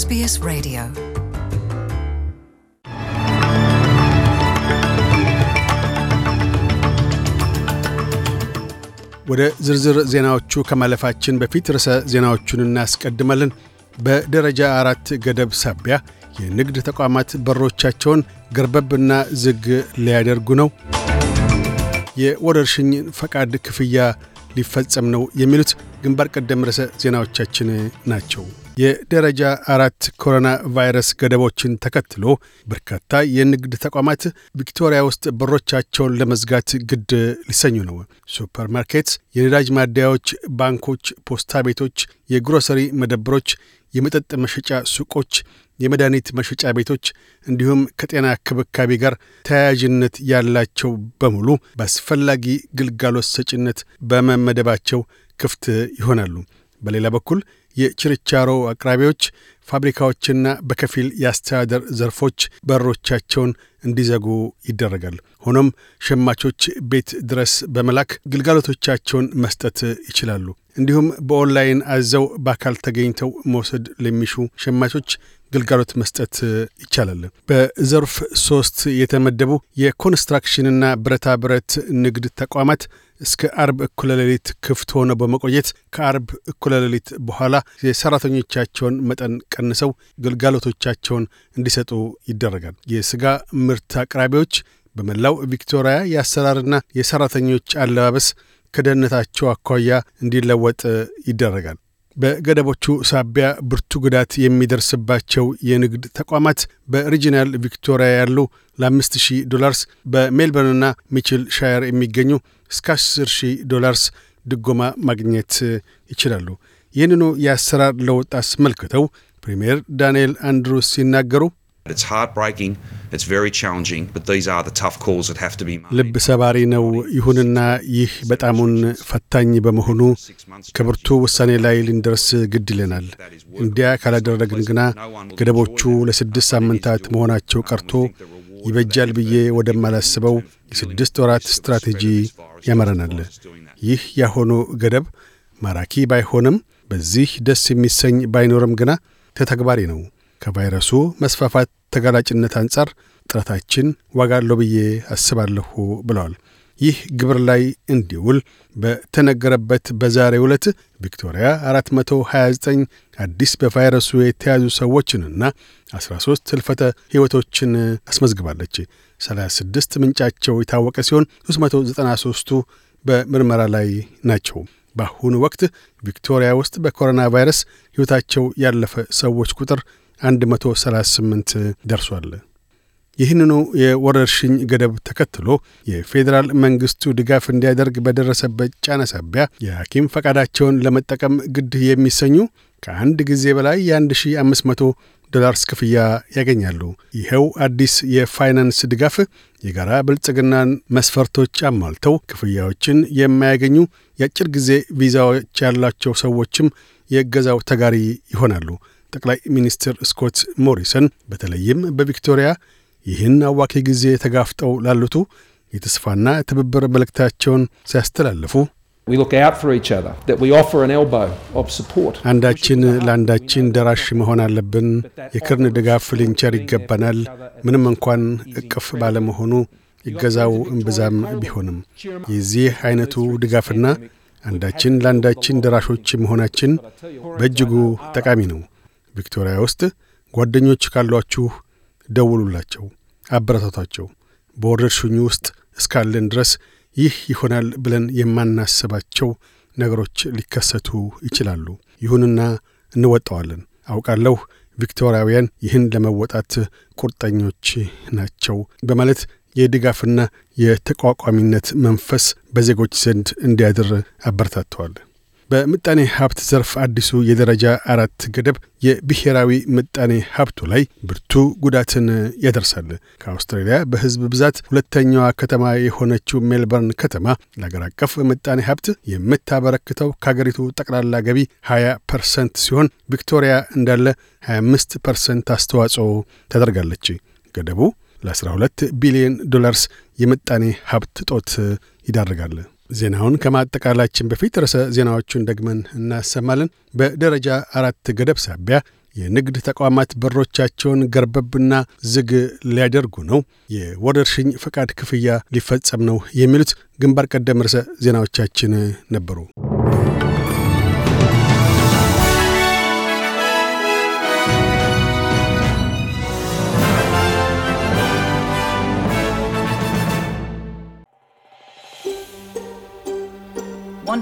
SBS Radio. ወደ ዝርዝር ዜናዎቹ ከማለፋችን በፊት ርዕሰ ዜናዎቹን እናስቀድማለን። በደረጃ አራት ገደብ ሳቢያ የንግድ ተቋማት በሮቻቸውን ገርበብና ዝግ ሊያደርጉ ነው። የወረርሽኝ ፈቃድ ክፍያ ሊፈጸም ነው። የሚሉት ግንባር ቀደም ርዕሰ ዜናዎቻችን ናቸው። የደረጃ አራት ኮሮና ቫይረስ ገደቦችን ተከትሎ በርካታ የንግድ ተቋማት ቪክቶሪያ ውስጥ በሮቻቸውን ለመዝጋት ግድ ሊሰኙ ነው። ሱፐርማርኬት፣ የነዳጅ ማደያዎች፣ ባንኮች፣ ፖስታ ቤቶች፣ የግሮሰሪ መደብሮች፣ የመጠጥ መሸጫ ሱቆች፣ የመድኃኒት መሸጫ ቤቶች እንዲሁም ከጤና ክብካቤ ጋር ተያያዥነት ያላቸው በሙሉ በአስፈላጊ ግልጋሎት ሰጭነት በመመደባቸው ክፍት ይሆናሉ። በሌላ በኩል የችርቻሮ አቅራቢዎች ፋብሪካዎችና በከፊል የአስተዳደር ዘርፎች በሮቻቸውን እንዲዘጉ ይደረጋል። ሆኖም ሸማቾች ቤት ድረስ በመላክ ግልጋሎቶቻቸውን መስጠት ይችላሉ። እንዲሁም በኦንላይን አዘው በአካል ተገኝተው መውሰድ ለሚሹ ሸማቾች ግልጋሎት መስጠት ይቻላል። በዘርፍ ሶስት የተመደቡ የኮንስትራክሽንና ብረታ ብረት ንግድ ተቋማት እስከ አርብ እኩለ ሌሊት ክፍት ሆነው በመቆየት ከአርብ እኩለ ሌሊት በኋላ የሰራተኞቻቸውን መጠን ቀንሰው ግልጋሎቶቻቸውን እንዲሰጡ ይደረጋል። የስጋ ምርት አቅራቢዎች በመላው ቪክቶሪያ የአሰራርና የሰራተኞች አለባበስ ከደህንነታቸው አኳያ እንዲለወጥ ይደረጋል። በገደቦቹ ሳቢያ ብርቱ ጉዳት የሚደርስባቸው የንግድ ተቋማት በሪጂናል ቪክቶሪያ ያሉ ለ ሺህ ዶላርስ በሜልበርንና ሚችል ሻየር የሚገኙ እስከ 10 ሺህ ዶላርስ ድጎማ ማግኘት ይችላሉ። ይህንኑ የአሰራር ለውጥ አስመልክተው ፕሪምየር ዳንኤል አንድሩስ ሲናገሩ ልብ ሰባሪ ነው። ይሁንና ይህ በጣሙን ፈታኝ በመሆኑ ከብርቱ ውሳኔ ላይ ልንደርስ ግድ ይለናል። እንዲያ ካላደረግን ግና ገደቦቹ ለስድስት ሳምንታት መሆናቸው ቀርቶ ይበጃል ብዬ ወደማላስበው የስድስት ወራት ስትራቴጂ ያመረናል። ይህ ያሆኑ ገደብ ማራኪ ባይሆንም በዚህ ደስ የሚሰኝ ባይኖርም ግና ተተግባሪ ነው። ከቫይረሱ መስፋፋት ተጋላጭነት አንጻር ጥረታችን ዋጋ አለው ብዬ አስባለሁ ብለዋል። ይህ ግብር ላይ እንዲውል በተነገረበት በዛሬ ዕለት ቪክቶሪያ 429 አዲስ በቫይረሱ የተያዙ ሰዎችንና 13 ህልፈተ ሕይወቶችን አስመዝግባለች። 36 ምንጫቸው የታወቀ ሲሆን 393ቱ በምርመራ ላይ ናቸው። በአሁኑ ወቅት ቪክቶሪያ ውስጥ በኮሮና ቫይረስ ሕይወታቸው ያለፈ ሰዎች ቁጥር 138 ደርሷል። ይህንኑ የወረርሽኝ ገደብ ተከትሎ የፌዴራል መንግስቱ ድጋፍ እንዲያደርግ በደረሰበት ጫና ሳቢያ የሐኪም ፈቃዳቸውን ለመጠቀም ግድ የሚሰኙ ከአንድ ጊዜ በላይ የ1500 ዶላርስ ክፍያ ያገኛሉ። ይኸው አዲስ የፋይናንስ ድጋፍ የጋራ ብልጽግናን መስፈርቶች አሟልተው ክፍያዎችን የማያገኙ የአጭር ጊዜ ቪዛዎች ያላቸው ሰዎችም የእገዛው ተጋሪ ይሆናሉ። ጠቅላይ ሚኒስትር ስኮት ሞሪሰን በተለይም በቪክቶሪያ ይህን አዋኪ ጊዜ ተጋፍጠው ላሉቱ የተስፋና ትብብር መልእክታቸውን ሲያስተላልፉ አንዳችን ለአንዳችን ደራሽ መሆን አለብን። የክርን ድጋፍ ልንቸር ይገባናል። ምንም እንኳን እቅፍ ባለመሆኑ ይገዛው እምብዛም ቢሆንም የዚህ አይነቱ ድጋፍና አንዳችን ለአንዳችን ደራሾች መሆናችን በእጅጉ ጠቃሚ ነው። ቪክቶሪያ ውስጥ ጓደኞች ካሏችሁ ደውሉላቸው፣ አበረታቷቸው። በወረርሽኙ ውስጥ እስካለን ድረስ ይህ ይሆናል ብለን የማናስባቸው ነገሮች ሊከሰቱ ይችላሉ። ይሁንና እንወጣዋለን። አውቃለሁ ቪክቶሪያውያን ይህን ለመወጣት ቁርጠኞች ናቸው በማለት የድጋፍና የተቋቋሚነት መንፈስ በዜጎች ዘንድ እንዲያድር አበረታተዋል። በምጣኔ ሀብት ዘርፍ አዲሱ የደረጃ አራት ገደብ የብሔራዊ ምጣኔ ሀብቱ ላይ ብርቱ ጉዳትን ያደርሳል። ከአውስትራሊያ በሕዝብ ብዛት ሁለተኛዋ ከተማ የሆነችው ሜልበርን ከተማ ለአገር አቀፍ ምጣኔ ሀብት የምታበረክተው ከአገሪቱ ጠቅላላ ገቢ 20 ፐርሰንት ሲሆን ቪክቶሪያ እንዳለ 25 ፐርሰንት አስተዋጽኦ ታደርጋለች። ገደቡ ለ12 ቢሊዮን ዶላርስ የምጣኔ ሀብት ጦት ይዳርጋል። ዜናውን ከማጠቃላችን በፊት ርዕሰ ዜናዎቹን ደግመን እናሰማለን። በደረጃ አራት ገደብ ሳቢያ የንግድ ተቋማት በሮቻቸውን ገርበብና ዝግ ሊያደርጉ ነው። የወረርሽኝ ፈቃድ ክፍያ ሊፈጸም ነው። የሚሉት ግንባር ቀደም ርዕሰ ዜናዎቻችን ነበሩ።